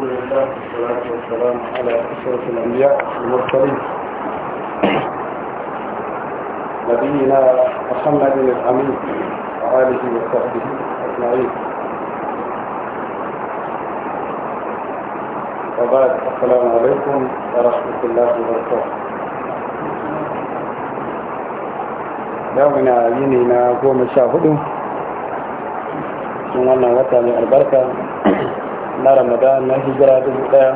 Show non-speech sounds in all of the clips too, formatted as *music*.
الحمد لله والصلاة والسلام على أشرف الأنبياء والمرسلين نبينا محمد الأمين وآله وصحبه أجمعين وبعد السلام عليكم ورحمة الله وبركاته يومنا ينينا قوم الشاهدون من wannan wata mai na ramadan na hijira dubu daya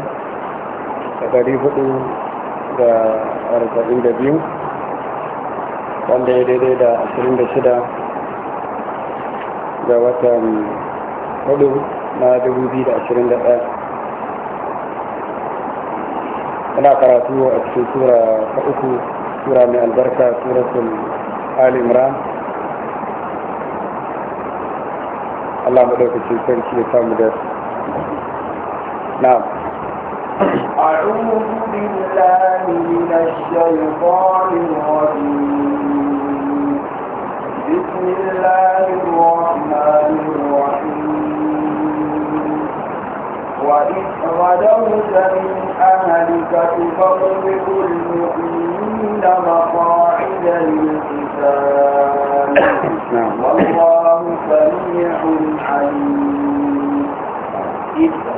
da dari hudu da arba'in da biyu wanda ya daidai da ashirin da shida ga watan hudu na dubu biyu da ashirin da daya ina karatu a cikin sura ta uku sura mai albarka suratul ali imran Allah maɗaukacin sarki ya samu da نعم أعوذ بالله من الشيطان الرجيم بسم الله الرحمن الرحيم وإذ غدوت من أهلك تفرق المؤمنين مقاعد للقتال والله سميع عليم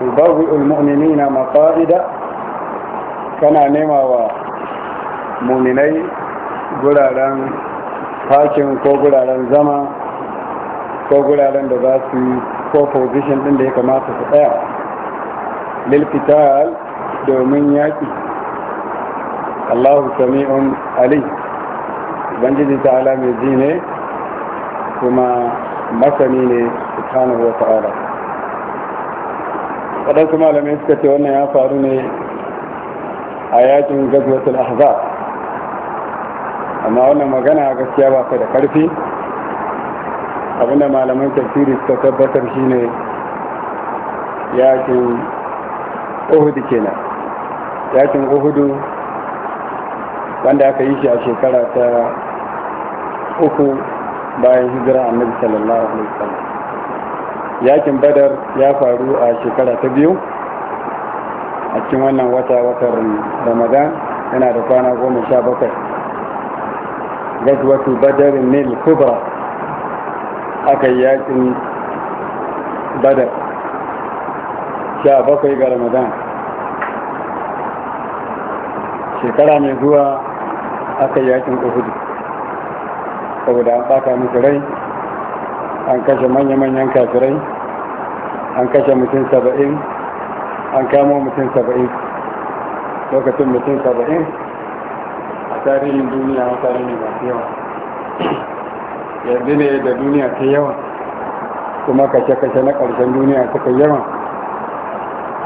ibarri ulmu'minina maqa'ida kana nema wa mu'minai guraren hakin ko guraren zama ko guraren da za su ko position din da ya kamata su tsaya lil qital domin yaki Allahu sami'un ali banjiji ta ala mai ji kuma masani ne subhanahu wa ta'ala waɗansu malamai suka ce wannan ya faru ne a yakin gazwatul ahzab amma wannan magana gaskiya ba ta da ƙarfi abinda malaman tafsiri suka tabbatar shine yakin uhudu kenan yakin uhudu wanda aka yi shi a shekara ta uku bayan hijira annabi sallallahu alaihi wasallam yakin badar ya faru a shekara ta biyu a cikin wannan wata watar ramadan yana da kwana goma sha bakwai wasu badar nil kubra aka yi yakin badar sha bakwai ga ramadan shekara mai zuwa aka yi yakin uhudu saboda an ɓata musu rai an kashe manya-manyan kafirai an kashe mutum saba'in an kamo mutum saba'in lokacin mutum saba'in a tarihin duniya mutane ne masu yawa yanzu ne da duniya ta yawa kuma kashe-kashe na ƙarshen duniya suka yawa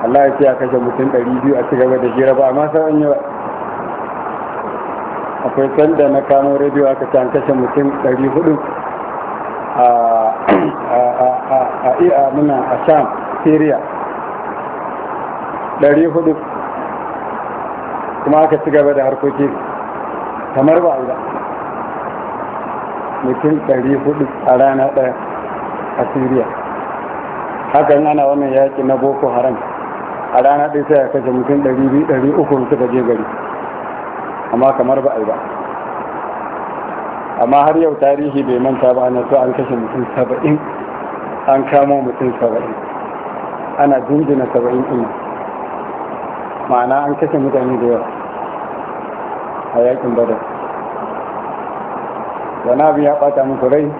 Allah ya ce a kashe mutum ɗari biyu a ci gaba da jira ba amma yi ba akwai sanda na kamo rediyo aka ce an kashe mutum ɗari hudu a a iya muna a sham syria 400 kuma aka ci gaba da harkoki kamar ba a mutum 400 a rana ɗaya a syria hakan ana wannan yaƙi na boko haram a rana ɗaya sai a kashe mutum 200-300 suka je gari amma kamar ba a yi ba amma har yau tarihi bai manta ba na to an kashe mutum saba'in an kamo mutum saba'in ana jinjina saba'in ina ma'ana an kashe mutane da yawa a yakin badar wani abin ya ɓata musu rai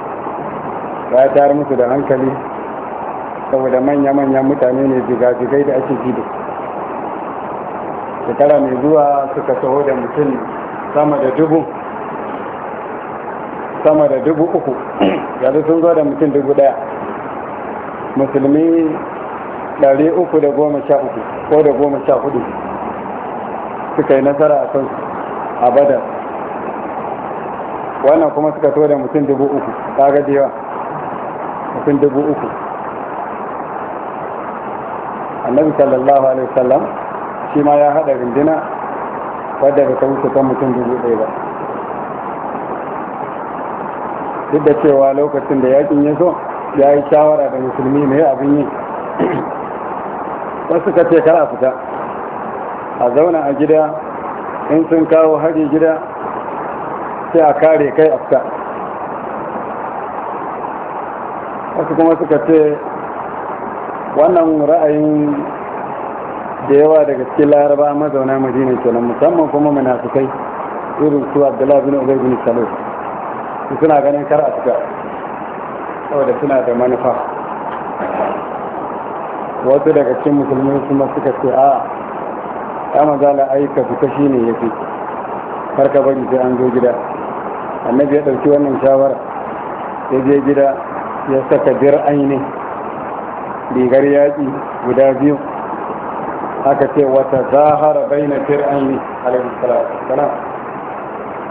ya tayar musu da hankali saboda manya-manyan mutane ne zigazigai da ake gida shekara mai zuwa suka taho da mutum sama da dubu sama da dubu uku yanzu sun zo da mutum dubu daya musulmi ɗari uku da goma sha uku ko da goma sha hudu suka yi nasara a kansu a badar wannan kuma suka to da mutum dubu uku ta da yawa mutum dubu uku annabi sallallahu alaihi wasallam shi ma ya haɗa rindina wadda ba ta wuce kan mutum dubu ɗaya ba duk da cewa lokacin da yakin ya so ya yi shawara da musulmi mai abin yi wasu ka ce kara fita a zauna a gida in sun kawo hari gida sai a kare kai a fita wasu kuma suka ce wannan ra'ayin da yawa daga cikin laraba mazauna madina kenan musamman kuma munafikai irin su abdullahi bin ubay bin salih su suna ganin kar a saboda suna da manufa wasu daga cikin musulmi kuma suka ce a ya mazala aika su shi ne ya fi karka bari sai an zo gida annabi ya ɗauki wannan shawara ya je gida ya saka bir aini rigar yaƙi guda biyu aka ce wata zahara bai na jir aini alaihi salatu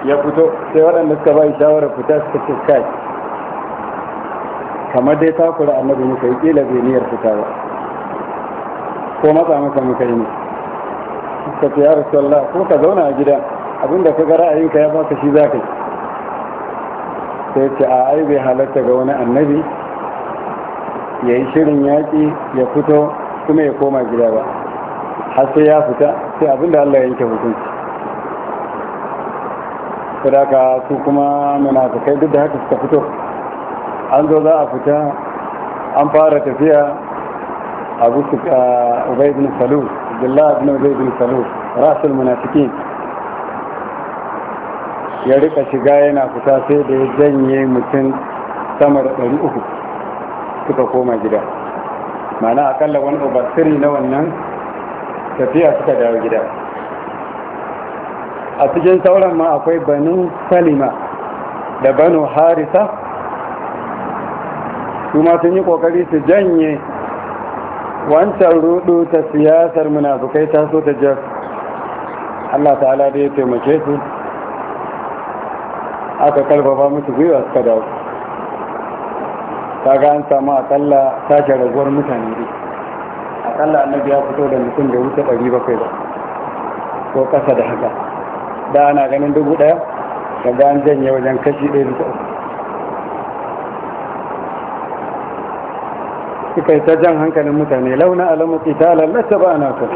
ya fito sai waɗanda suka bai shawarar fita suka ce kai kamar dai takura annabi muka yi kila bai niyyar fita ba ko matsa maka muka yi ne suka ce ya rasulallah ko ka zauna a gida abinda ka ga ra'ayinka ya baka shi za ka yi sai ce a ai bai halatta ga wani annabi ya yi shirin yaƙi ya fito kuma ya koma gida ba har sai ya fita sai abinda Allah ya yanke hukunci sadaka su kuma munafikai duk da haka suka fito an zo za a fita an fara tafiya a su ka ubai bin salul abdullah bin ubai bin salu rasul munafiki ya rika shiga yana fita sai da ya janye mutum sama da ɗari uku suka koma gida mana akalla wani obatiri na wannan tafiya suka dawo gida a cikin sauran ma akwai banu salima da banu harisa kuma sun yi kokari su janye wancan rudu ta siyasar munafukai ta so ta jef Allah ta'ala da ya taimake su aka karfafa musu gwiwa suka dawo ta ga an samu akalla sake raguwar mutane ne akalla annabi ya fito da mutum da wuce 700 ba ko kasa da haka da ana ganin dubu ɗaya da gan janye wajen kashi ɗaya da bisa suka yi ta jan hankalin mutane launa alamu ta lallata ba na kan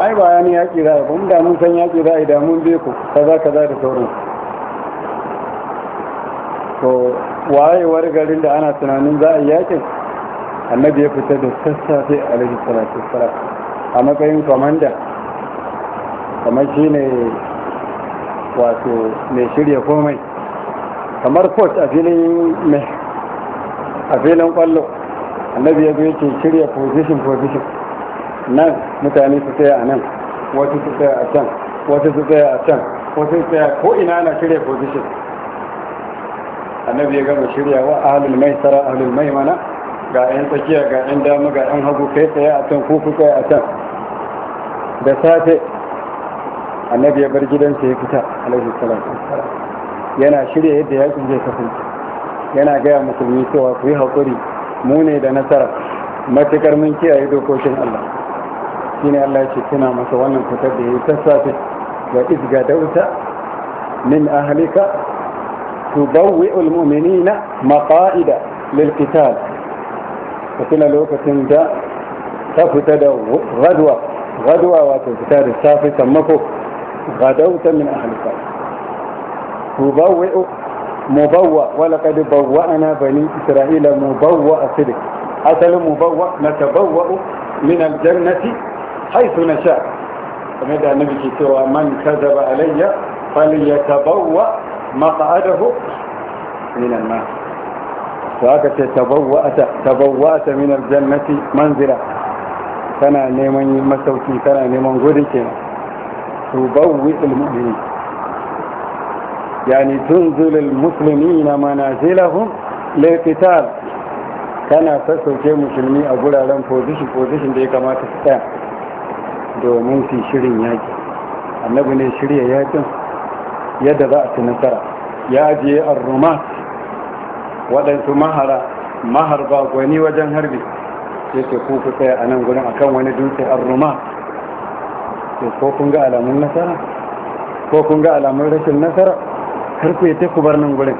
ai ba ya ni yaƙi za a yi da mun san yaƙi za a yi da mun bi ku ka za da sauran to wayewar garin da ana tunanin za a yi yaƙin annabi ya fita da sassafe a lalata a matsayin kwamanda kamar shi ne wato mai shirya komai kamar coach a filin mai a filin kwallo annabi ya yake shirya position position nan mutane su tsaya a nan wasu su tsaya a can wasu su tsaya a can wasu su tsaya ko ina na shirya position annabi ya gama shirya wa ahalul mai sara ahalul mai mana ga 'yan tsakiya ga 'yan dama ga 'yan hagu kai tsaya a can ko ku tsaya a can da safe annabi ya bar gidansa ya fita alaihi salam yana shirya yadda yakin zai kasance yana gaya musulmi cewa ku yi haƙuri mu ne da nasara matuƙar mun kiyaye dokokin Allah shine Allah ya ce tuna masa wannan fitar da yayi tassafe wa izga dauta min ahlika tubawwi'u almu'minina maqa'ida lilqital ka tuna lokacin da ta fita da gadwa gadwa wato fita da safe sammako غدوت من أهلك مبوئ مبوأ ولقد بوأنا بني إسرائيل مبوأ صدق أصل مبوأ نتبوأ من الجنة حيث نشاء كما يدعى النبي سوى من كذب علي فليتبوأ مقعده من النار وهكذا تبوأت تبوأت من الجنة منزلا كان نيمان مسوكي كان نيمان غوري كنا تبوئ المؤمنين يعني تنزل المسلمين منازلهم للقتال kana sassauce musulmi a guraren position position da ya kamata su tsaya domin su shirin yaki annabi ne shirya yakin yadda za a ci nasara ya je arruma waɗansu mahara maharba gwani wajen harbi ya ce ku tsaya a nan gudun akan wani dutse arruma ce ko kun ga alamun nasara ko kun ga alamun rashin nasara kar ku yadda ku bar nan gurin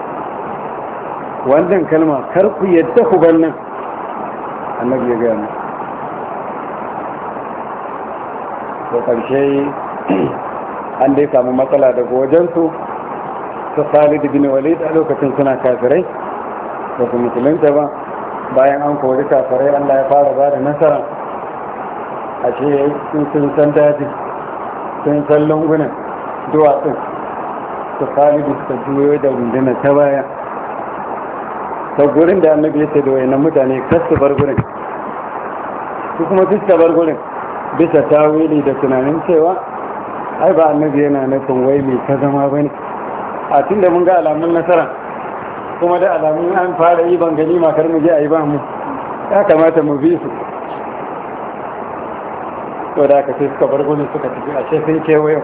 wannan kalma kar ku yadda ku bar nan annabi ya gaya mu da ƙarshe *clears throat* an dai samu matsala daga wajensu ta salid bin walid a lokacin suna kafirai da su musulunta ba bayan an kori kafirai allah ya fara ba da nasara a ce sun san daji sun san lungunan duwatsun su kalibu suka juyo da runduna ta baya ta gurin da annabi ya da wayanan mutane kas su bar gurin su kuma duk ta bar gurin bisa wili da tunanin cewa ai ba annabi yana nufin wai mai ta zama ba ne a tun da mun ga alamun nasara kuma da alamun an fara yi ban gani makar mu je a yi ba mu ya kamata mu bi su to da aka sai suka bar gudun suka tafi a sai sun kewayen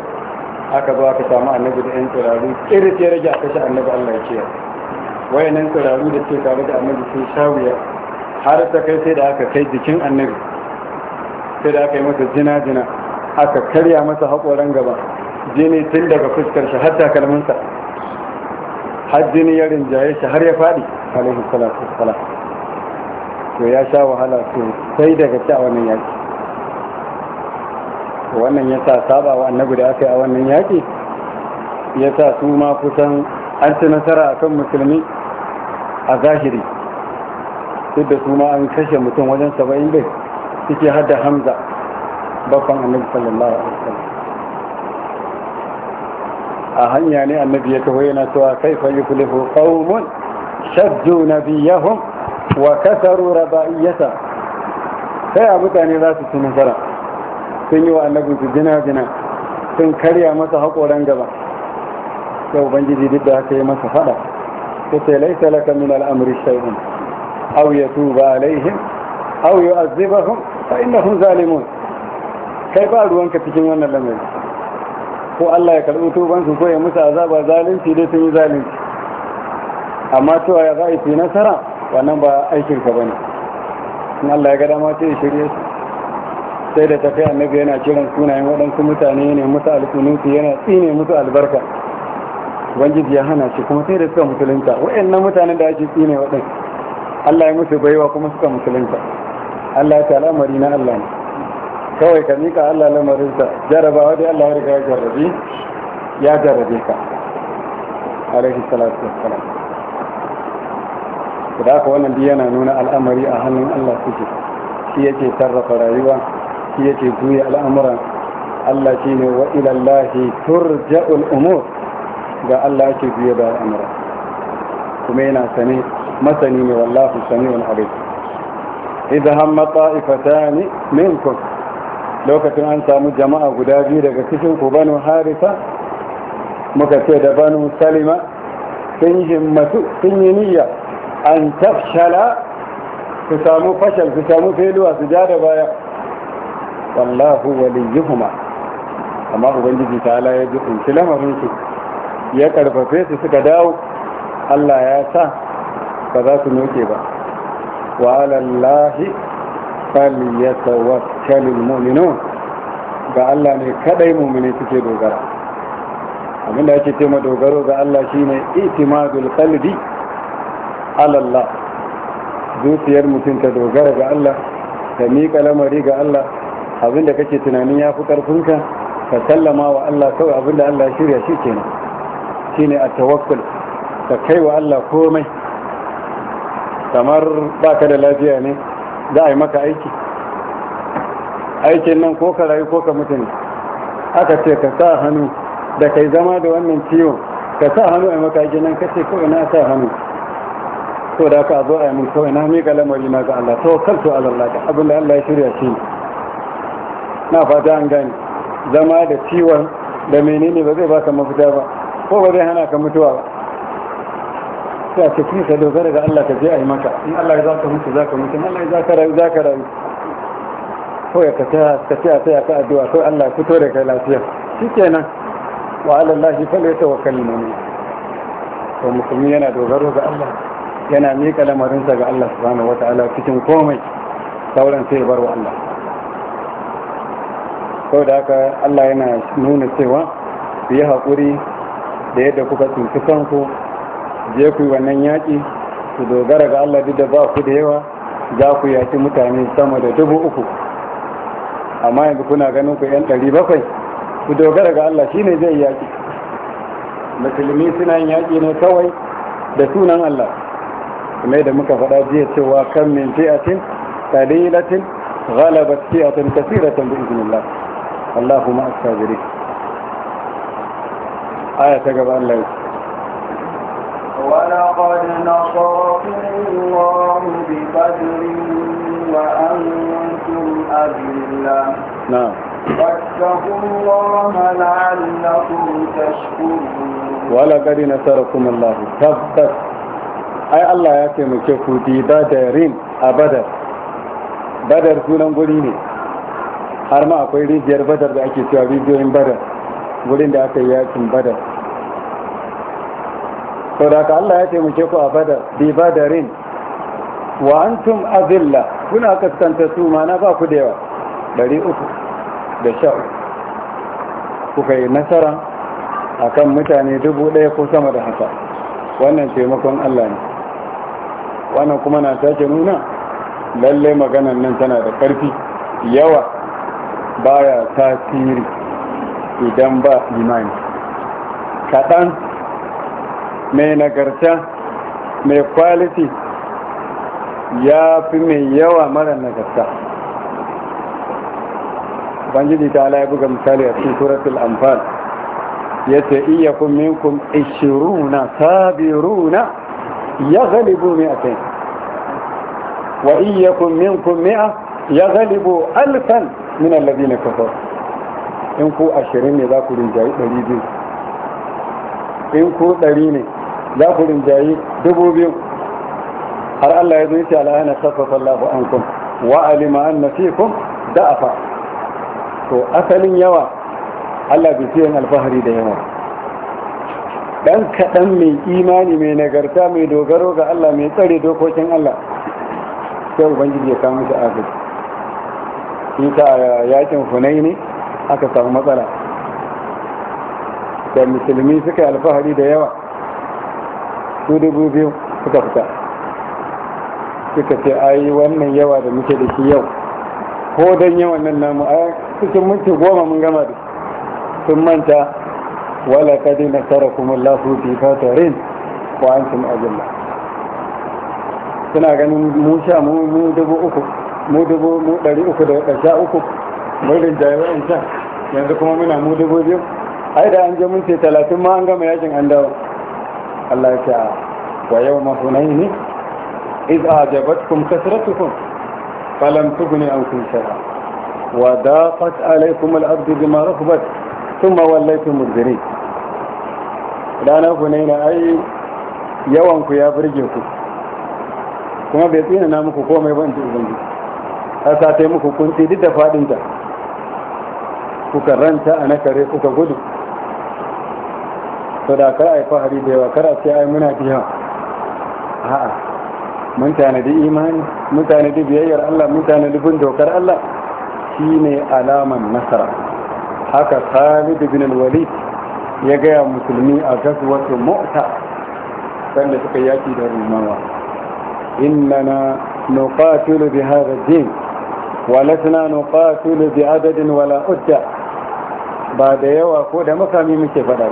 aka zo aka samu annabi da yan turaru irin sai rage a kashe annabi allah ya ce nan turaru da ke tare da annabi sun sha wuya har ta kai sai da aka kai jikin annabi sai da aka yi masa jina-jina aka karya masa haƙoran gaba jini tun daga fuskar shi har takalminsa har jini ya rinjaye shi har ya faɗi alaihi salatu wassalam to ya sha wahala sosai daga ta wannan yaki wannan ya sa saba wa annabi da aka yi a wannan yaƙi ya sa su ma kusan an ci nasara a kan musulmi a zahiri duk da su ma an kashe mutum wajen saba'in bai suke hada hamza bakon annabi sallallahu alaihi wasallam a hanya ne annabi ya taho yana cewa kai fa yuflihu qaumun shaddu nabiyahum wa kasaru rabaiyata sai a mutane za su ci nasara sun yi wa annabinsu jina-jina sun karya masa haƙoran gaba sai ubangiji duk da haka yi masa fada ta ce laisa laka min al'amri shay'un aw yatuba alaihim aw yu'azzibahum fa innahum zalimun kai ba ruwanka cikin wannan lamari ko Allah ya karɓi tubansu su ko ya musa azaba zalunci dai sun yi zalunci amma cewa ya za a yi nasara wannan ba aikin ka ne. in Allah ya ga dama sai ya shirye su sai da tafiya annabi yana kiran sunayen waɗansu mutane ne musu alkunutu yana tsine musu albarka ubangiji ya hana shi kuma sai da suka musulunta waɗannan mutanen da ake tsine waɗin Allah ya musu baiwa kuma suka musulunta Allah ya ta al'amari na Allah ne kawai ka miƙa Allah lamarinsa jarabawa dai Allah ya riga ya jarrabe ya jarrabe ka alaihi salatu wassalam da haka wannan biyu yana nuna al'amari a hannun Allah suke shi yake sarrafa rayuwa sarki yake juya al'amuran Allah shi ne wa ilallahi turja'ul umur ga Allah ake juya da al'amura kuma yana sani, masani ne wallahu sami'un alim idza hamma ne minkum lokacin an samu jama'a guda biyu daga cikin ku banu harisa muka ce da banu salima sun himmatu sun yi niyya an tafshala su samu fashal su samu feluwa su ja da baya wallahu waliyuhuma amma ubangiji ta ala ya ji kunshi lamarin su ya karfafe su suka dawo Allah ya sa ba za su noke ba wa alallahi falyatawakkalul mu'minun ga Allah ne kadai mu'mini suke dogara abinda ake ce ma dogaro ga Allah shine itimadul qalbi ala Allah zuciyar mutum ta dogara ga Allah ta miƙa lamari ga Allah abinda kake tunanin ya fi ƙarfinka ka sallama wa Allah kawai abinda Allah ya shirya shi ke nan shi ne a tawakul ka kai wa Allah komai kamar ba ka da lafiya ne za a yi maka aiki aikin nan ko ka rayu ko ka mutu ne aka ce ka sa hannu da kai zama da wannan ciwon ka sa hannu a yi maka aiki nan ka ce kawai na sa hannu ko da aka zo a yi mun kawai na miƙa lamari na ga Allah tawakkaltu ala Allah abinda Allah ya shirya shi ne na fata an gani. zama da ciwon da menene ba zai baka mafita ba ko ba zai hana ka mutuwa ba sai ka ci ka dogara ga Allah ka je a yi maka in Allah ya za ka mutu za ka mutu in Allah ya za ka rayu za ka rayu ko ya ka ta ka taya taya ka addu'a ko Allah ya fito da kai lafiya shikenan wa ala Allah fa la tawakkal mu'min to musulmi yana dogaro ga Allah yana miƙa lamarinsa ga Allah subhanahu wataala cikin komai sauran sai ya bar wa Allah da haka Allah yana nuna cewa su yi haƙuri da yadda kuka tsinci kanku je ku yi wannan yaƙi su dogara ga Allah duk da ba ku da yawa za ku yaƙi mutane sama da dubu uku amma yanzu kuna ganin ku 'yan ɗari bakwai su dogara ga Allah shine zai yaƙi musulmi suna yin yaƙi ne kawai da sunan Allah kuma da muka faɗa jiya cewa kan min fi'atin qalilatin ghalabat fi'atan kathiratan bi idnillah wallahu ma astaghfiru aya ta gaba Allah ya ولقد نصركم الله ببدر وأنتم أذلة نعم واتقوا الله لعلكم تشكرون ولقد نصركم الله تبت ai Allah ya taimake ku bi badarin a badar badar sunan guri ne har ma akwai rijiyar badar da ake cewa rijiyoyin badar wurin da aka yi yakin badar sau da ka Allah ya taimake ku a badar bi badarin wa antum azilla kuna kaskanta su mana ba ku da yawa ɗari uku da sha kuka yi nasara a kan mutane dubu ɗaya ko sama da haka wannan taimakon Allah ne wannan kuma na sake nuna lalle maganan nan tana da ƙarfi yawa baya tasiri idan ba imani kaɗan mai nagarta mai kwaliti ya fi mai yawa mara nagarta banjiji ta ala ya buga misali a cikin suratul amfal ya ce iya kun minkum ishiruna sabiruna ya galibu mai a kai wa iya kun minkum mi'a ya galibu alfan min allazi ne kafar in ku ashirin ne za ku rinjayi ɗari biyu in ku ɗari ne za ku rinjayi dubu biyu har Allah ya zuci al'ana kafafa Allahu ankum wa alima anna fikum da'afa to asalin yawa Allah bai fiye alfahari da yawa dan kaɗan mai imani mai nagarta mai dogaro ga Allah mai tsare dokokin Allah sai ubangiji ya kawo musu agaji shi a yakin hunai ne aka samu matsala da musulmi suka yi alfahari da yawa su dubu biyu suka fita suka ce yi wannan yawa da muke da shi yau ko don yawan nan namu a cikin minti goma mun gama da sun manta wala kadi dina tara kuma lafu fi fatarin ko an sun ajalla suna ganin mu sha mu dubu uku mu dubu mu ɗari uku da waɗanda uku mun rinjaye wa'ancan yanzu kuma muna mu dubu biyu ai da an je mun ce talatin ma an gama yakin an dawo Allah ya ce wa yau ma ne iz Kalan kasratukum falam an kun shara. wa da daqat alaykum al-ardu bima rahabat thumma wallaytum mudbirin ranar ne ai yawan ku ya burge ku kuma bai tsina na muku komai ba in ji ubangiji haka ta muku kunci duk da faɗinta kuka ranta a na kare kuka gudu to da kar a yi fahari da yawa kar a ce ai muna biya a'a mun tanadi imani mun tanadi biyayyar Allah mun tanadi bin dokar Allah ne alaman nasara haka Khalid bin al-Walid ya gaya musulmi a gaswatul Mu'ta sanda suka yaki da Rumawa innana nuqatilu bi hadha din ولسنا نقاتل بعدد ولا أدى بعد يوا كود مكامي مكي فدا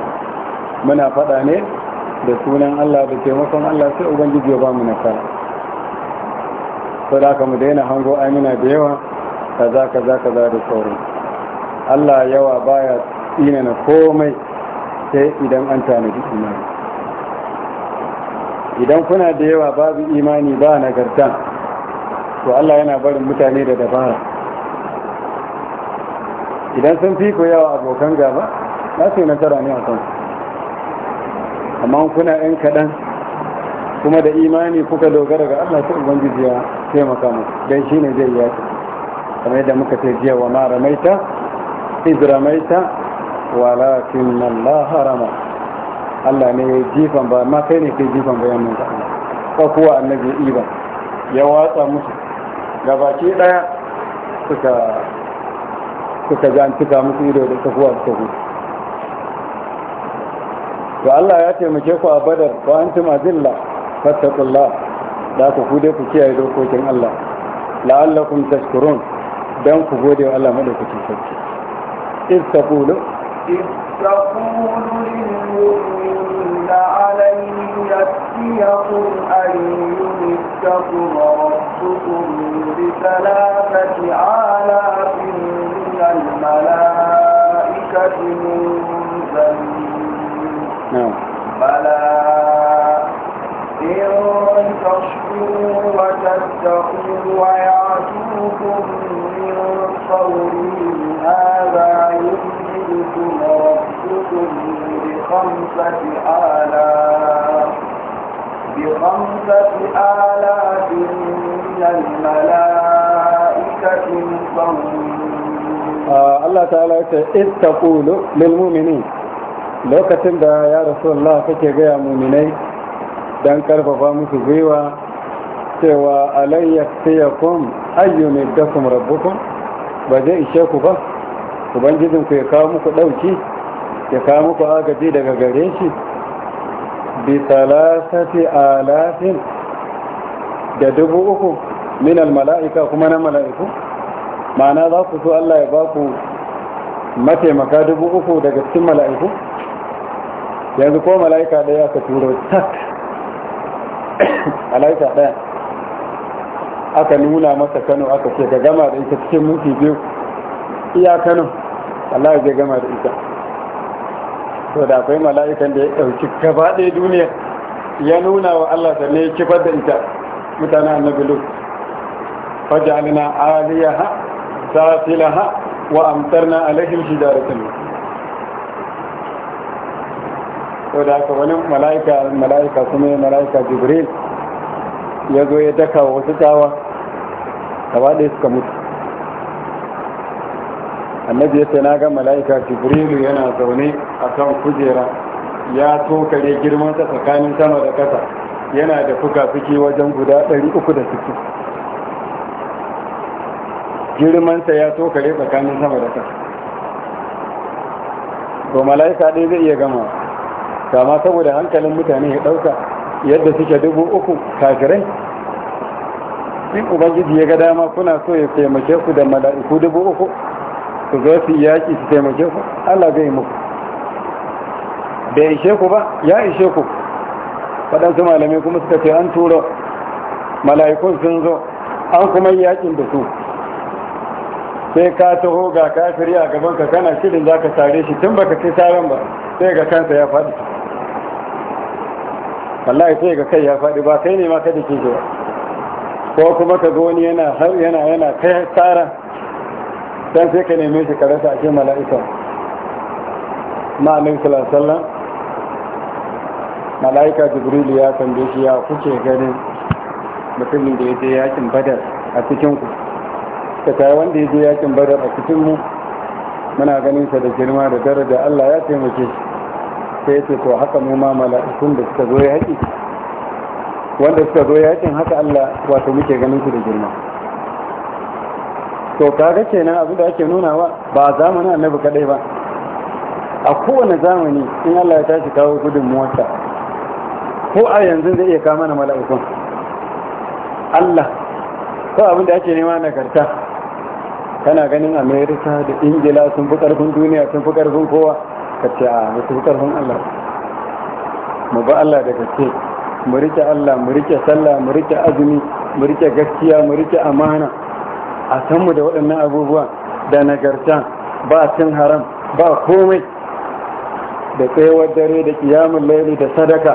منا فدا ne da sunan Allah da taimakon Allah sai ubangiji ya ba mu nasara to da ka mu daina hango amina da yawa kaza kaza kaza da sauran Allah yawa baya tsina na komai sai idan an tanadi imani idan kuna da yawa babu imani ba nagarta to Allah yana barin mutane da dabara idan sun fi ko yawa abokan gaba na su nasara ne a kan amma kuna yan kaɗan kuma da imani kuka dogara ga Allah sai ubangiji ya taimaka mu dan shine zai yi kamar yadda muka ce jiya wa maramaita ramaita walakin Allah harama Allah ne ya jifan ba ma kai ne kai jifan bayan mun ta Allah ko kuwa annabi iba ya watsa musu gabaki daya suka suka jantuka musu ido da kafuwa da tafi to Allah ya taimake ku a badar ba an tuma zilla fattakullah da ku kude ku kiyaye dokokin Allah la'allakum tashkurun dan ku gode wa Allah madaukakin sarki Is taqulu kulu, taqulu lil mu'minina alayhi يكفيكم أن يمدكم ربكم بثلاثة آلاف من الملائكة منزلين نعم. بلى إن تشكروا وتتقوا ويعتوكم من فورهم هذا يمدكم ربكم بخمسة آلاء بخمسة آلاء من الملائكة آه الله تعالى إذ تقول للمؤمنين lokacin da ya rasulullah kake gaya muminai don karfafa musu gwiwa cewa alayya siyakun ayyumin dakum rabbukun ba zai ishe ku ba ubangijinku ya kawo muku ɗauki ya kawo muku agaji daga gare shi bi talatati alafin da dubu uku min almala'ika kuma na mala'iku ma'ana za ku so Allah ya baku mataimaka dubu uku daga cikin mala'iku yanzu ko mala'ika ɗaya aka turo tak *coughs* mala'ika ɗaya aka nuna masa kano aka ce ka gama da ita cikin mulki biyu iya kano Allah ya gama da ita to da akwai mala'ikan da ya ɗauki gaba ɗaya duniyar ya nuna wa Allah da ne kifar da ita mutane annabi lut fajalina aliyaha safilaha wa amtarna alaihim hijaratan to da aka wani mala'ika mala'ika kuma ya mala'ika jibril ya zo ya daka wasu tawa gaba ɗaya suka mutu annabi ya ce na ga mala'ika jibrilu yana zaune a kan kujera ya tokare girmansa tsakanin sama da ƙasa yana da fuka-fuki wajen guda 360 girmansa ya tokare tsakanin sama da ƙasa Ba mala'ika ɗaya zai iya gama kama saboda hankalin mutane ya ɗauka yadda suke dubu uku kafirai in ubangiji ya ga dama kuna so ya taimake ku da mala'iku dubu uku su zo su yaƙi su taimake ku Allah zai muku bai ishe ku ba ya ishe ku waɗansu malamai kuma suka ce an turo, mala'ikun sun zo an kuma yaƙin da su sai ka taho ga kafiri a gaban ka kana shirin za ka tare shi tun baka kai taron ba sai ga kansa ya faɗi wallahi sai ga kai ya faɗi ba kai ne ma ka da ke ko kuma ka zo wani yana yana yana kai tsara dan sai ka neme shi ka a cikin mala'ika ma'anin annabi sallallahu alaihi wasallam mala'ika jibril ya tambaye shi ya kuke ganin mutumin da ya je yakin badar a cikin ku ka kai wanda ya je yakin badar a cikin mu muna ganin sa da girma da daraja Allah ya taimake shi sai ya ce to haka mu ma mala'ikun da suka zo yaki wanda suka zo yakin haka Allah wato muke ganin su da girma to kaga kenan abin da ake wa ba zamanin annabi kadai ba a kowane zamani in Allah ya tashi kawo gudun mota, ko a yanzu zai iya kawo mana mala'ikun Allah ko abin da ake nema nagarta kana ganin amerika da ingila sun fi karfin duniya sun fi karfin kowa ka ce a mutu karfin Allah mu ba Allah da gaske mu rike Allah mu rike sallah mu rike azumi mu rike gaskiya mu rike amana a sanmu da waɗannan abubuwan da nagarta ba cin haram ba komai da tsayawar dare da kiyamun laili da sadaka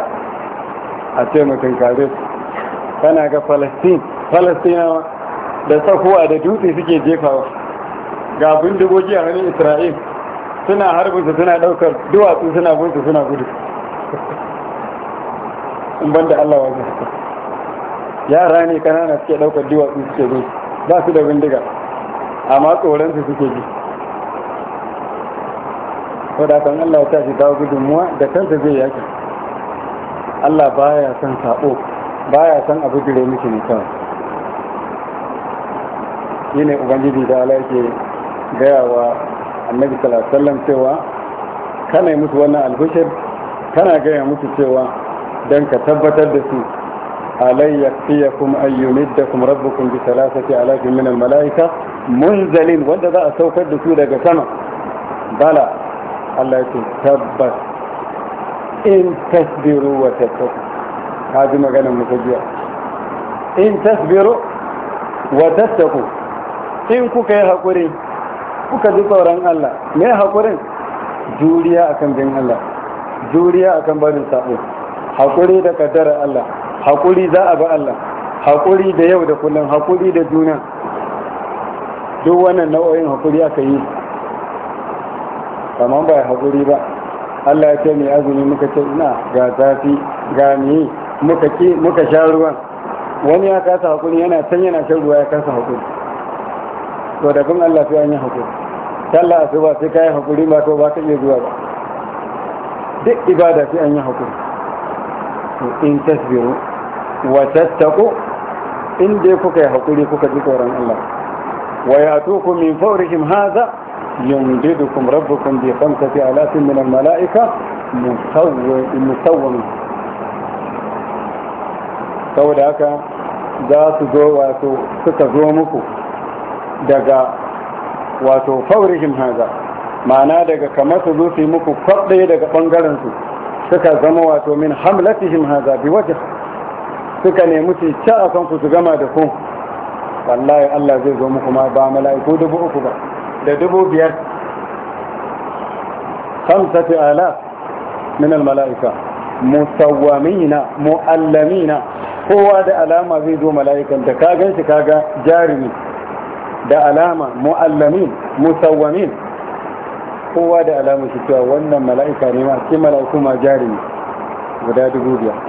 a ce mutum kare kana ga falastin falastinawa da tsakuwa da dutse suke jefawa ga bindigogi a hannun isra'il suna harbinsu suna ɗaukar duwatsu suna bunsu suna gudu in banda allah wajen yara ne kanana suke ɗaukar duwatsu suke gudu ba su da bindiga amma tsoronsu suke ji wadatan Allah ya tashi kawo gudunmuwa da kansa zai yaki Allah baya san sabo baya son abu gire miki ne kawai shi ne ubangiji da ala yake gaya wa annabi sallallahu cewa kana yi musu wannan albushir kana gaya musu cewa don ka tabbatar da su alai yaktiyakum an yumiddakum rabbukum bi thalathati alafin min al malaika munzalin wanda za a saukar da su daga sama bala Allah ya tabbas in tasbiru wa tattaku ta ji maganar musajiya in tasbiru wa tattaku in kuka yi haƙuri kuka ji tsoron Allah me haƙurin juriya akan bin Allah juriya akan barin sa'o hakuri da kaddara Allah haƙuri za a ba Allah haƙuri da yau da kullum haƙuri da juna duk wannan nau'o'in haƙuri aka yi kamar ba haƙuri ba Allah ya ce mai azumi muka ce ina ga zafi ga ni muka ki muka sha ruwan wani ya kasa haƙuri yana can yana shan ruwa ya kasa haƙuri to da kun Allah sai an yi haƙuri sai asuba sai kai haƙuri ba to ba ka iya zuwa ba duk ibada sai an yi haƙuri in tasbiru wa tattaqu in dai kuka yi hakuri kuka ji tsoron Allah wa yatuku min fawrihim hadha yumdidukum rabbukum bi khamsati alafin min al malaika musawwam saboda haka za su zo wato suka zo muku daga wato faurihim haza ma'ana daga kamar su zo su yi muku kwaɗe daga ɓangaren su, suka zama wato min hamlatihim haza bi wajen suka nemi su ci a kanku su gama da ku wallahi Allah zai zo muku ma ba mala'iku dubu uku ba da dubu biyar khamsati ala min al mala'ika musawwamina muallamina kowa da alama zai zo mala'ikan da ka gan shi kaga jarumi da alama muallamin musawwamin kowa da alama shi cewa wannan mala'ika ne ma ce mala'iku ma jarumi guda dubu biyar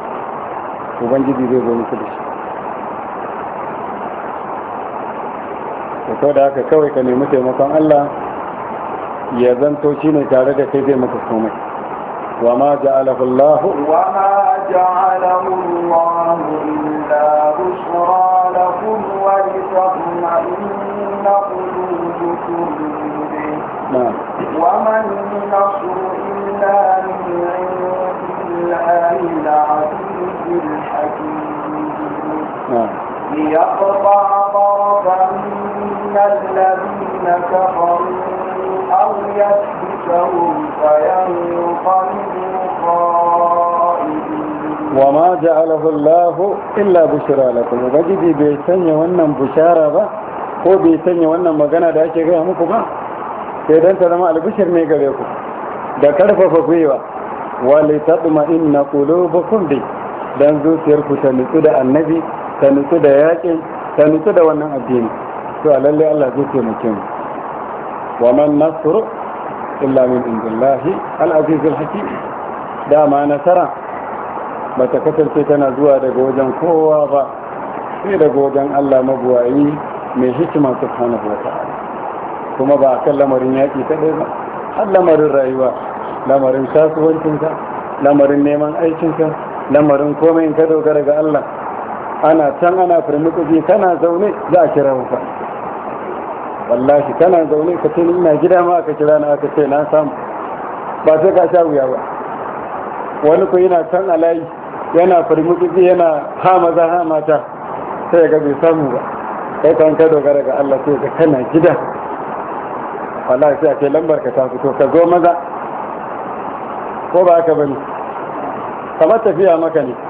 ubangiji zai zo miki da shi sau da haka kawai ka nemi taimakon Allah ya zanto shi ne tare da kai zai maka komai wa ma ja'alahu Allah wa ma ja'alahu Allah illa bushra lakum wa litatma'inna qulubukum وما النصر إلا من عند الله ليقطع طرفا من الذين كفروا أو يسبكهم فينقلبوا وما جعله الله إلا بشرى wannan bushara ba ko bai sanya wannan magana da ake gaya maku ba sai danta ta zama albishir ne gare ku da karfafa gwiwa wa na tatma inna qulubukum bi dan zuciyar ta nutsu da annabi ka nutsu da yaƙi ka nutsu da wannan addini to a lalle Allah zai taimake mu wa man nasru illa min indillahi al-aziz al-hakim dama nasara bata kasance tana zuwa daga wajen kowa ba sai daga wajen Allah mabuwayi mai hikima subhanahu wa kuma ba kan lamarin yaƙi kaɗai ba har lamarin rayuwa lamarin kasuwancinka lamarin neman aikinka lamarin komai ka dogara ga Allah ana can ana firmitsi kana zaune za a kira maka wallahi kana zaune ka ce ina gida ma aka kira na aka ce na samu ba sai ka sha wuya ba wani ko yana can alayi yana firmitsi yana hama za hama ta sai ga bai samu ba kai kan ka dogara ga Allah sai ka kana gida wallahi sai a ce lambar ka ta fito ka zo maza ko ba haka bane kamar tafiya maka ne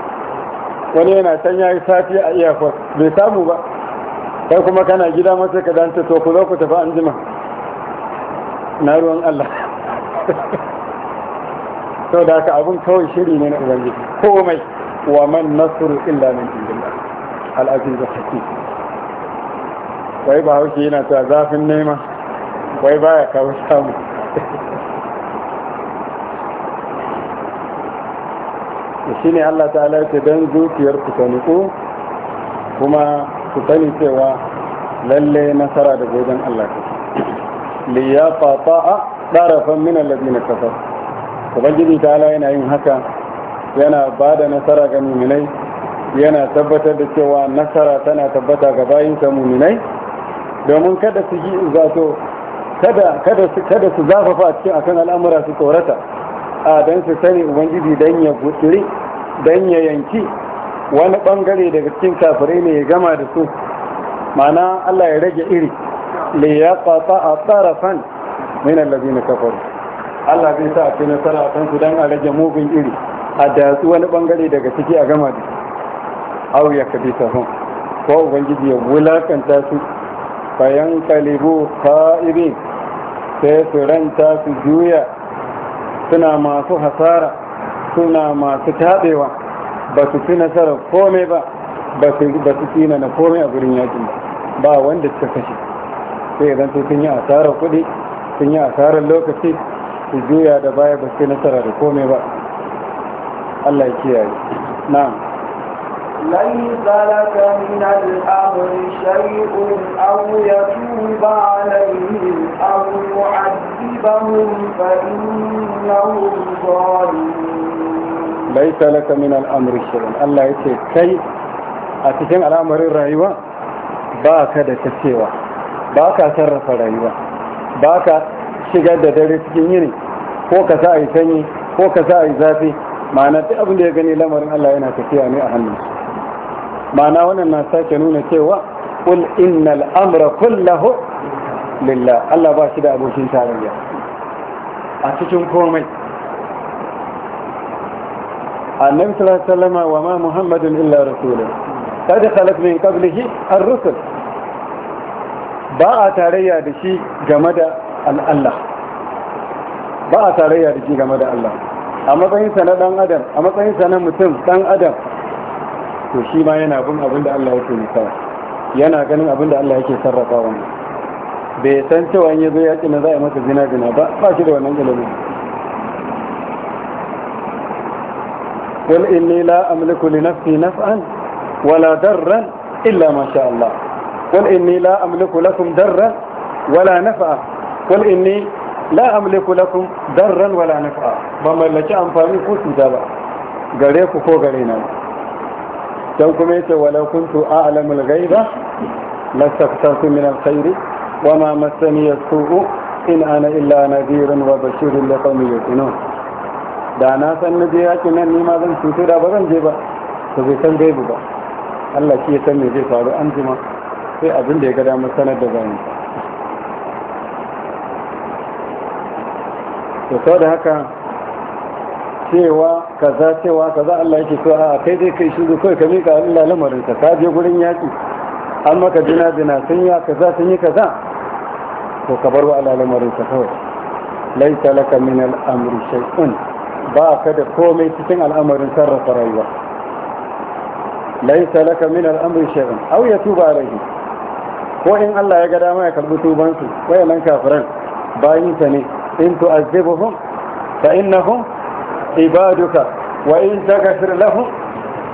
wani yana can ya yi safi a iyakar bai samu ba kai kuma kana gida masu ka danta to ku zo ku tafi an jima na ruwan Allah sau da abin kawai shiri ne na ubangiji komai wa man nasru illa min indillah al-aziz hakim wai ba haushi yana ta zafin nema wai baya kawo samu *laughs* shi ne Allah ta halatta don zuciyar ku ta kuma ku sani cewa lalle nasara da gojen Allah ta liyafa ta'a ɗarafan min allazi na kasar ubangiji ta ala yana yin haka yana ba da nasara ga muminai yana tabbatar da cewa nasara tana tabbata ga bayinsa muminai domin kada su yi zato kada su zafafa cikin akan al'amura su korata a don su sani ubangiji don ya gutsiri Dan ya yanki wani bangare daga cikin kafirai ne ya gama da su mana Allah ya rage iri li ya tsata a tsarafan min allazi na kafaru Allah zai sa a ce nasara a kansu don a rage mugun iri a datsu wani bangare daga ciki a gama da su au ya kabi sahun ko ubangiji ya wulakanta su bayan kalibu ka'irin sai su ranta su juya suna masu hasara suna masu taɓewa ba su fi nasara komai ba ba su tsina na komai a gurin yakin ba ba wanda suka kashe sai idan su sun yi asarar kuɗi sun yi asarar lokaci su juya da baya ba su nasara da komai ba Allah ya kiyaye na ليس لك من الأمر شيء أو يتوب عليهم أو يعذبهم فإنهم ظالمون laita laka min al'amri shirin Allah ya ce kai a cikin al'amarin rayuwa ba ka da cewa ba ka sarrafa rayuwa ba ka shigar da dare cikin yini ko ka sa a sanyi ko ka sa a zafi ma'ana duk abin da ya gani lamarin Allah yana tafiya ne a hannu. ma'ana wannan na sake nuna cewa kul innal amra kullahu lillah Allah ba shi da abokin tarayya a cikin komai النبي صلى الله عليه وسلم وما محمد إلا رسول قد خلت من قبله الرسل ba a tarayya da shi game da Allah ba a tarayya da shi game da Allah a matsayinsa na dan adam a matsayinsa na mutum dan adam to shi ma yana bin abin da Allah yake nufawa yana ganin abin da Allah yake sarrafa wannan bai san cewa in ya zo ya ce na za a masa zina zina ba ba shi da wannan ilimin قل إني لا أملك لنفسي نفعا ولا ضرا إلا ما شاء الله قل إني لا أملك لكم ضرا ولا نفعا قل إني لا أملك لكم ضرا ولا نفعا بما لك أنفاني كنت دابا غريك كو غرينا don kuma yace walau kuntu a'lamul ghaiba lastaktartu min alkhairi wama massani as-su'u in ana illa nadhirun wa bashirun liqaumin yuqinun da na san na je yakin nan ni ma zan cuto da ba zan je ba to bai san gaibu ba Allah shi ya san me zai faru an jima sai abin da ya ga damar sanar da bayan to sau da haka cewa kaza cewa kaza Allah yake so a kai zai kai shugo kawai ka miƙa Allah lamarin ka ka je gurin yaki an maka jina jina sun yi kaza sun yi kaza to ka bar wa Allah lamarin ka kawai laisa laka min al-amri shay'un ba ka da komai cikin al'amarin sarrafa rayuwa laisa laka min al'amri shay'un aw yatuba alayhi ko in Allah ya ga dama ya karbi tuban su wayannan kafiran bayin ta ne in tu'azzibuhum fa innahum ibaduka wa in taghfir lahum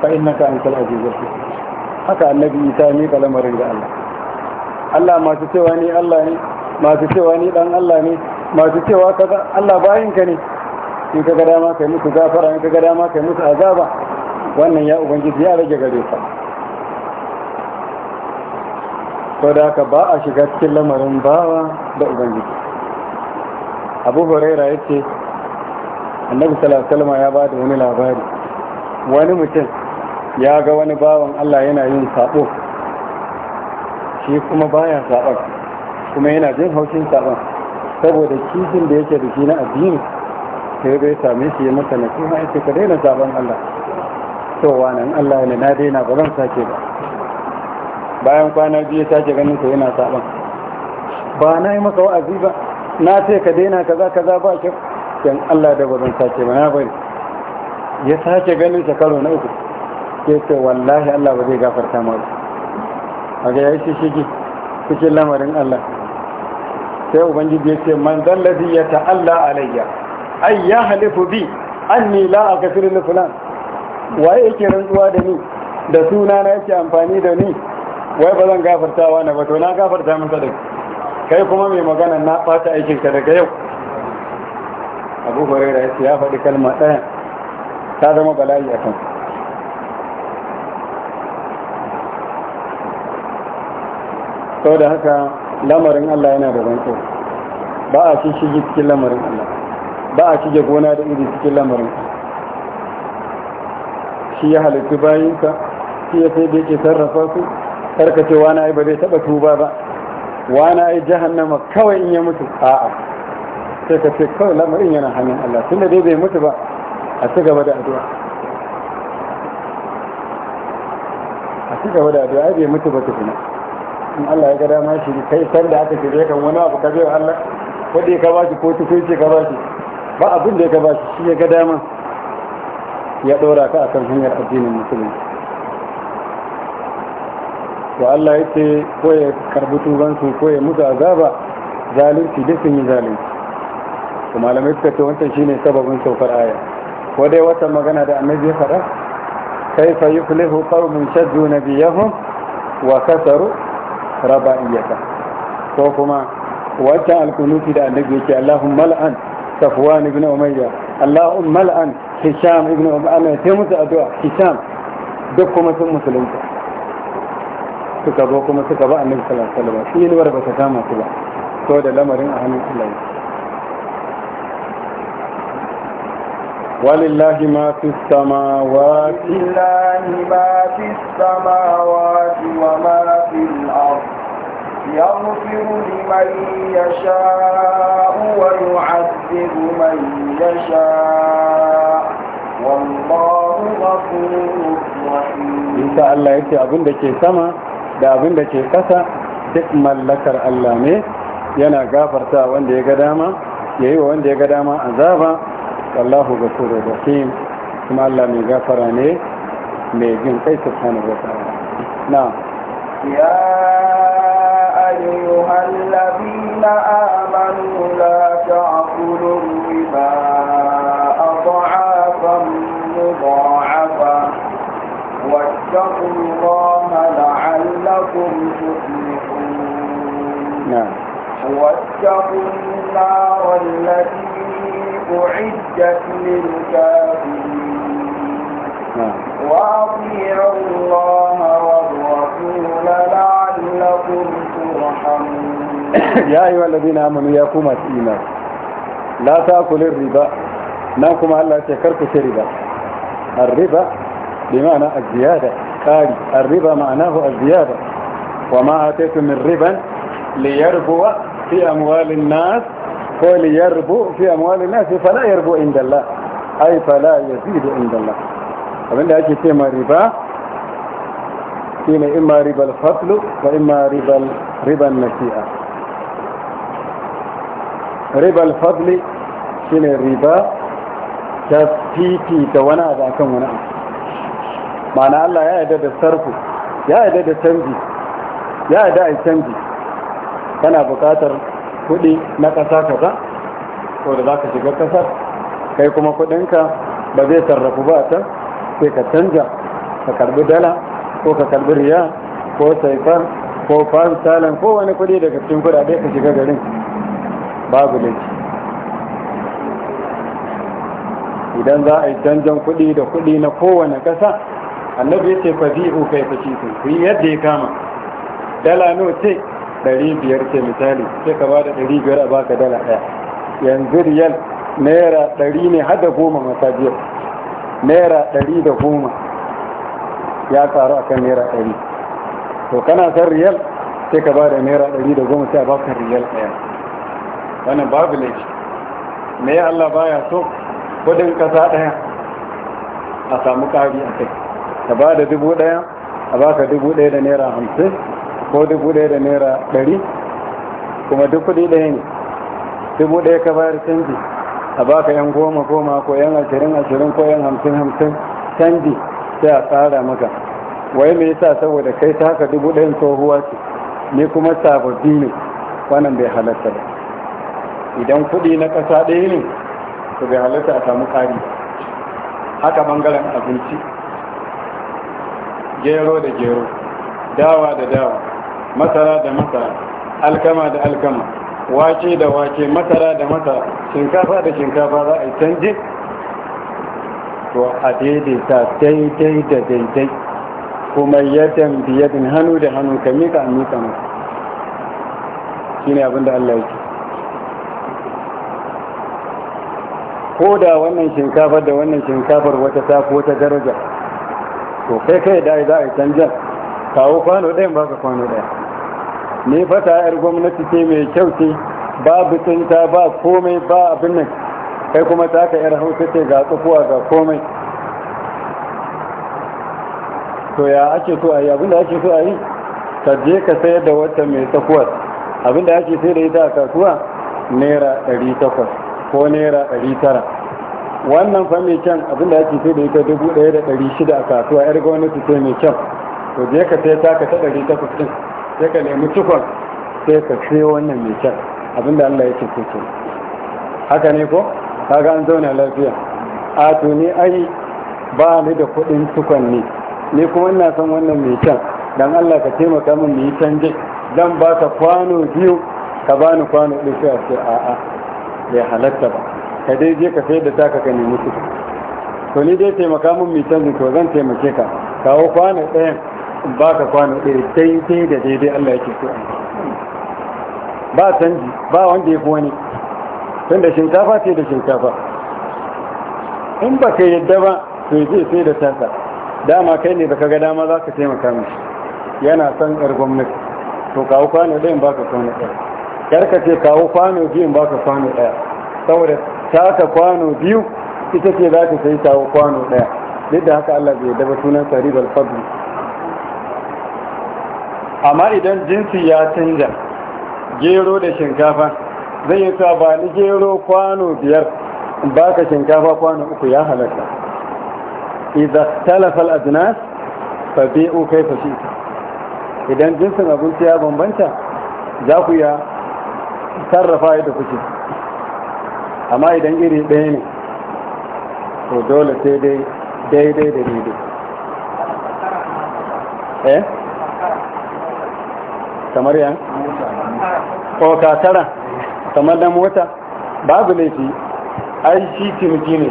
fa innaka antal azizul hakim haka annabi Isa ne kalamarin ga Allah Allah masu cewa ni Allah ne masu cewa ni dan Allah ne masu cewa kaza Allah bayin ka ne in ka ga dama kai musu gafara in ka ga dama kai musu azaba wannan ya ubangiji ya rage gare ka ko da haka ba a shiga cikin lamarin bawa da ubangiji abu huraira ya ce annabi salama ya ba da wani labari wani mutum ya ga wani bawan allah yana yin sabo shi kuma baya sabon? kuma yana jin haushin sabon? saboda kishin da yake da shi na addini ta yi bai same shi ya masa nasiha ya ce ka daina zaben Allah cewa nan Allah ya na daina ba zan sake ba bayan kwana biyu ya sake ganin sa yana saban ba na yi maka wa'azi ba na ce ka daina kaza kaza ba ki dan Allah da ba zan sake ba na bari ya sake ganin sa karo na uku ya ce wallahi Allah ba zai gafarta ma ba a ga yayi shishigi cikin lamarin Allah sai ubangiji ya ce man zallazi ya ta'alla alayya ai ya halifu bi anni la aghfiru li fulan waye yake rantsuwa da ni da suna na yake amfani da ni wai ba zan gafartawa na ba to na gafarta masa da kai kuma mai magana na fata aikin ka daga yau abu bare da ya faɗi kalma ɗaya ta zama bala'i a kan sau da haka lamarin Allah yana da banko ba a shi shi cikin lamarin Allah ba a shige gona da iri cikin lamarin shi ya halittu bayinsa shi ya sai da yake sarrafa su karkace na yi ba zai taba tuba ba Wa wani jihar jahannama kawai in ya mutu a'a sai ka ce kawai lamarin yana hannun Allah tun da dai bai mutu ba a ci gaba da addu'a a ci gaba da addu'a bai mutu ba tukuna in Allah ya ga dama shi kai san da aka shirye kan wani abu ka bai Allah wanda ya ka ba shi ko tukunci ka ba shi ba abin da ya gaba shi ya ga dama ya ɗora ka akan hanyar addinin musulun Wa Allah ya ce ko ya karbi tubansu ko ya musu azaba zalunci duk sun yi zalunci su malamai suka ce wancan shi ne sababin saukar aya ko dai wata magana da annabi ya faɗa kaifa yuflihu qaumun shaddu biyahun wa kasaru rabaiyata ko kuma wancan alkunuti da annabi yake Allahun la'an صفوان بن أمية اللهم لعن هشام بن أمية sai musu addu'a hisham duk kuma sun musulunta suka zo kuma suka ba annabi sallallahu alaihi wasallam shi ne ba ta kama su ba to da lamarin a hannun Allah ولله ما في السماوات ولله ما في السماوات وما في الأرض يغفر لمن يشاء ويعذب من يشاء والله غفور رحيم إن شاء الله يكي أبن دكي سما da abin da ke kasa duk mallakar Allah ne yana gafarta wanda ya ga dama ya yi wa wanda ya ga dama azaba wallahu ghafurur rahim kuma Allah mai gafara ne mai jin kai su wa ta'ala na ya أيها الذين آمنوا لا تعقلوا الربا أضعافا مضاعفا واتقوا الله لعلكم تفلحون نعم واتقوا النار التي أعدت للكافرين نعم وأطيعوا الله والرسول لعلكم *coughs* يا أيها الذين آمنوا يا كوما الإيمان لا تأكل الربا ناكم هلا تكرك الربا الربا بمعنى الزيادة قال الربا معناه الزيادة وما أتيت من ربا ليربو في أموال الناس فليربو في أموال الناس فلا يربو عند الله أي فلا يزيد عند الله ومن أجل تيم الربا shine imma ribal fatlu wa imma ribal riban nasi'a ribal fadli shine riba ta fifita wani abu akan wani abu ma'ana Allah ya yarda da sarfu ya yarda da canji ya yarda a canji kana buƙatar kuɗi na ƙasa kaza ko da za ka shiga ƙasar kai kuma kuɗinka ba zai sarrafu ba ta sai ka canja ka karbi dala ko ka karbi riya ko saifan, ko faru talan ko wani kudi daga cikin kudade ka shiga garin babu laifi idan za a yi canjan kudi da kudi na kowane kasa annabi ya ce fa bi'u kai fa shi ku yi yadda ya kama dala no ce dari biyar ce misali sai ka ba da dari biyar a baka dala ɗaya yanzu riyal naira dari ne har da goma masajiyar naira dari da goma ya karu akan naira ɗari to kana san riyal sai ka ba da naira ɗari da goma sai a baka riyal ɗaya wannan babu ne me ya Allah baya so kudin kasa ɗaya a samu ƙari a kai ka ba da dubu ɗaya a baka dubu ɗaya da naira hamsin ko dubu ɗaya da naira ɗari kuma duk kuɗi ɗaya ne dubu ɗaya ka bayar canji a baka yan goma goma ko yan ashirin ashirin ko yan hamsin hamsin canji sai a tsara maka wai me yasa saboda kai ta haka dubu ɗayan tsohuwa ce ni kuma sababbi ne wannan bai halatta ba idan kuɗi na ƙasa ɗaya ne to bai halatta a samu ƙari haka ɓangaren abinci gero da gero dawa da dawa masara da masara alkama da alkama wake da wake masara da masara shinkafa da shinkafa za a yi canji to a daidaita daidai da daidai kuma yadan biyadin hannu da hannu ka mika a mika masa shi ne abinda Allah yake ko da wannan shinkafar da wannan shinkafar wata ta ko ta daraja to kai kai da za a yi canjan kawo kwano ɗayan ba ka kwano ɗaya ne fata yar gwamnati ce mai kyau ce babu tsinta ba komai ba abin nan kai kuma ta ka yar hausa ce ga tsofuwa ga komai to ya ake so a yi abinda ake so a yi ka je ka sayar da wata mai tsakuwar abinda ake sai da ita a kasuwa naira 800 ko naira 900 wannan fa mai kyan abinda ake sai da ita 1600 a kasuwa yar gwamnati ce mai kyan to je ka ta ka ta 800 din sai ka nemi cikon sai ka sayo wannan mai kyan abinda Allah ya ko so haka ne ko kaga an zauna lafiya a to ni ai ba ni da kuɗin tukwanni ni kuma ina san wannan mai can dan Allah ka taimaka min mu yi canje zan ba ka kwano biyu ka bani kwano ɗin sai a ce a'a ya halatta ba ka dai je ka sayar da taka ka nemi su to ni dai taimaka min mai can to zan taimake ka kawo kwano ɗayan ba ka kwano ɗaya daidai da daidai Allah yake so ba canji ba wanda ya fi wani tunda shinkafa ce da shinkafa in ba ka yadda ba to yi sai da tasa dama kai ne baka ga dama za ka taimaka mashi yana son yar gwamnati to kawo kwano ɗayan ka kwano ɗaya kar ka ce kawo kwano biyun ka kwano ɗaya saboda taka kwano biyu ita ce za ta sai kawo kwano ɗaya duk da haka Allah bai yadda ba sunan saribal fadli amma idan jinsi ya canja gero da shinkafa zai yi sa ba ni gero kwano biyar ba ka shinkafa kwano uku ya halatta idan talafal al-ajnas fa bi'u idan jinsin abinci ya bambanta za ku ya sarrafa yadda kuke amma idan iri ɗaya ne to dole sai dai daidai da daidai eh kamar yan ko katara kamar dan mota babu laifi ai shi ciniki ne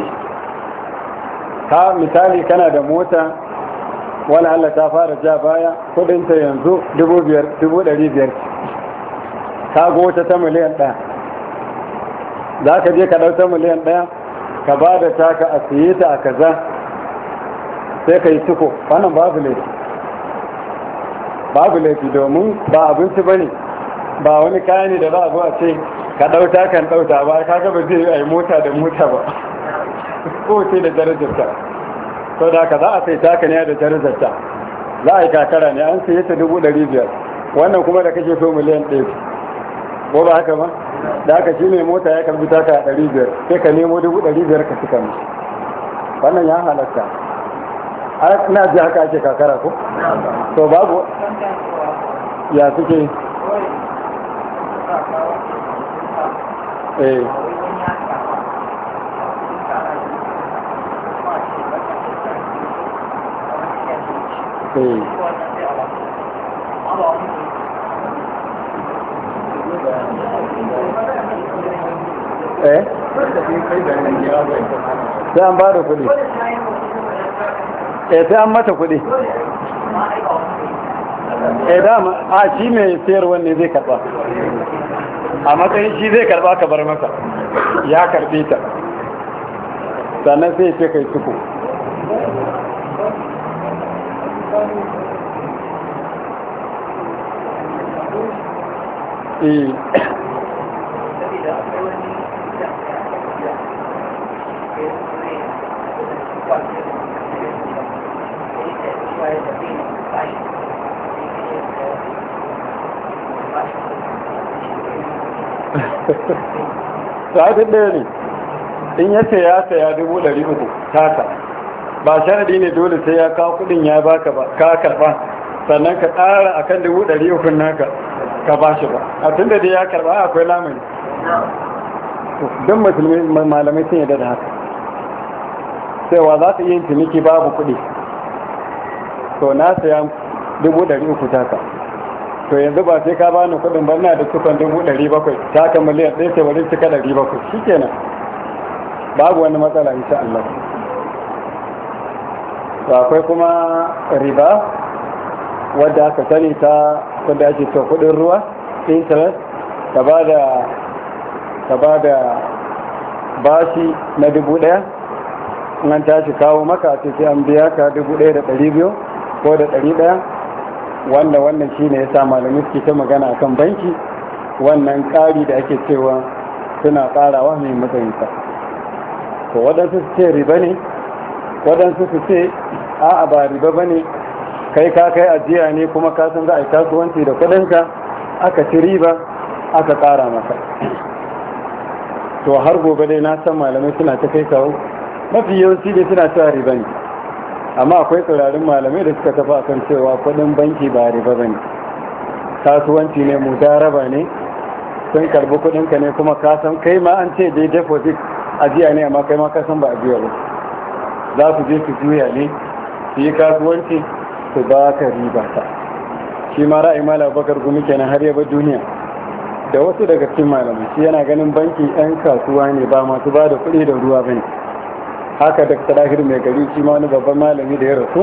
ka misali kana da mota wani Allah ta fara ja baya kudinta yanzu 500,000 ka gota ta miliyan ɗaya za ka je ka ɗauta miliyan ɗaya ka ba da taka a siye ta a kaza sai ka yi tuko wannan babu laifi babu laifi domin ba abinci ba ne ba wani kayan da za a zuwa ce ka ɗauta kan ɗauta ba ka gaba zai yi a mota da mota ba ko ce da darajarta sau da haka za a sai taka ne da darajarta za a yi kakara ne an sai ta dubu ɗari biyar wannan kuma da kake so miliyan ɗaya ko ba haka ba da haka shi mai mota ya karbi taka ɗari biyar sai ka nemo dubu ɗari biyar ka suka kama wannan ya halatta na ji haka ake kakara ko to babu ya suke Eh. Eh. Eh? sai an ba da kudi eh sai an mata kudi eh dama a shi mai sayarwa ne zai karba a matsayin shi zai karba ka bar masa ya karbe ta sannan sai ce kai suko sa'adun ɗaya ne in ya saya saya dubu ɗari uku taka ba sharadi ne dole sai ya kawo kuɗin ya baka ba ka karɓa sannan ka tsara kan dubu ɗari uku naka ka ba shi ba a tun da ya karɓa akwai lamuni don musulmi malamai sun yadda da haka Sai wa za ta yi ciniki babu kuɗi to na saya dubu ɗari uku taka to yanzu ba sai ka bani kuɗin ba ina da cikon dubu ɗari bakwai ta ka miliyan ɗaya sai bari cika ɗari bakwai shi kenan babu wani matsala insha Allah to akwai kuma riba wadda aka sani ta wadda ake to kuɗin ruwa interest ka ba da ta ba da bashi na dubu ɗaya in an tashi kawo maka a sai an biya ka dubu ɗaya da ɗari biyu ko da ɗari ɗaya wanda wannan shine sa malamai suke ta magana kan banki wannan ƙari da ake cewa suna ƙarawa mai matsayinsa to waɗansu su ce riba ne waɗansu su ce a'a ba riba ba ne kai ka kai ajiya ne kuma ka san za a yi kasuwanci da kuɗinka aka ci riba aka ƙara maka to har gobe dai na san malamai suna ta kai kawo mafi yawanci dai suna cewa riba ne amma akwai tsirarin malamai da suka tafi akan cewa kudin banki ba riba ba ne kasuwanci ne mudaraba ne sun karbi kudinka ne kuma kasan kai ma an ce dai deposit ajiya ne amma kai ma kasan ba ajiya ba za su je su juya ne su yi kasuwanci su ba ka riba ta shi ma ra'ayi malam bakar gumi kenan har yaba duniya da wasu daga cikin malamai shi yana ganin banki 'yan kasuwa ne ba masu ba da kuɗi da ruwa ba ne haka ta dahir mai gari shi ma wani babban malami da ya rasu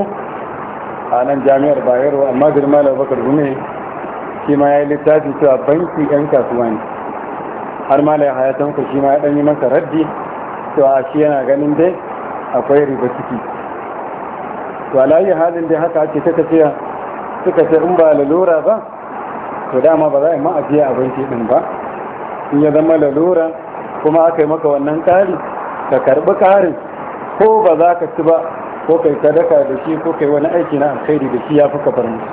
a nan jami'ar bayero amma girma da bakar gume shi ma ya yi littafi cewa banki yan kasuwa ne har ma ya hayatan ku shi ma ya ɗanyi yi masa raddi cewa shi yana ganin dai akwai riba ciki to alayi halin dai haka ake ta tafiya suka ce in ba lalura ba to dama ba za a yi ma'afiya a banki din ba in ya zama lalura kuma aka yi maka wannan ƙari ka karɓi ƙarin ko ba za ka ci ba ko kai sadaka da shi ko kai wani aiki na alkhairi da shi ya fi kafar musu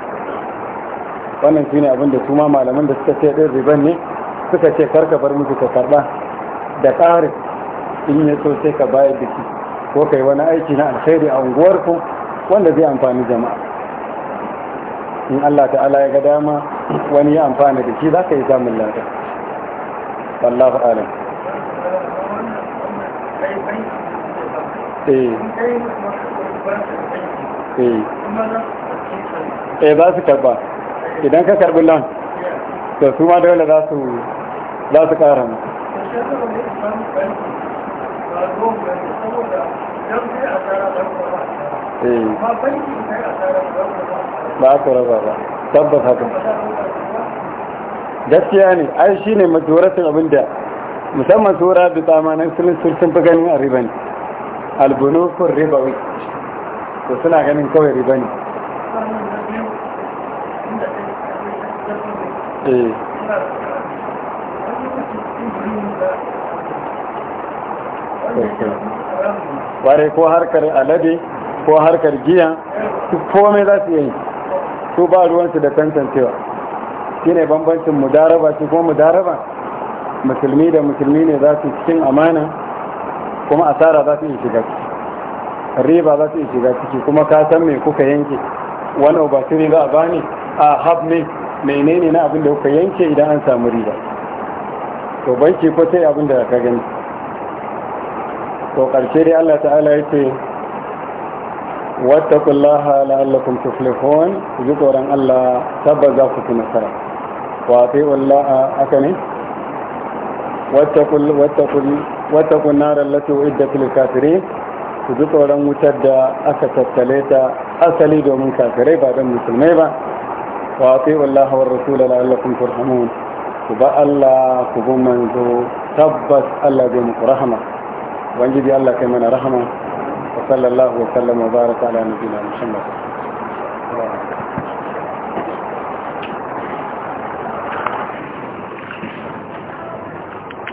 wannan shine abin da su ma malaman da suka ce ɗin riban ne suka ce karka bar musu ka karɓa da ƙarin in ya so sai ka bayar da shi ko kai wani aiki na alkhairi a unguwarku wanda zai amfani jama'a in Allah ta'ala ya ga dama wani ya amfana da shi za ka yi samun lada wallahu alam Eh. Eh. eh za su karba idan ka karbi lan da su ma dole za su kara eh. ba ku raba ba tabbas haka gaskiya ne ai ne, majoratin abinda musamman tsora da tsamanin sun fi ganin a ribani albunufin ribawi to suna ganin kawai riba ne eh. ware ko harkar alade ko harkar giya su komai za su yi su ba ruwansu da tantancewa shi ne bambancin mudaraba shi ko mudaraba musulmi da musulmi ne za su cikin amana kuma asara za su iya shiga ciki riba za su iya shiga ciki kuma ka san me kuka yanke wani obatiri za a bani a hab ne menene na abin da kuka yanke idan an samu riba to banki ko sai abin da ka gani to karshe dai Allah ta'ala ya ce wattaqullaha la'allakum tuflihun ji tsoron Allah tabbas za ku fi nasara wa ati'ullaha haka ne wattaqul wattaqul wataku narar lati uiddat lil kafirin su ji tsoron wutar da aka tattale ta asali domin kafirai ba don musulmai ba wa fi wallahi wa rasul la'allakum turhamun ku ba Allah ku bi manzo tabbas Allah zai muku rahama ubangiji Allah kai mana rahama wa sallallahu wa sallama ala nabiyina muhammad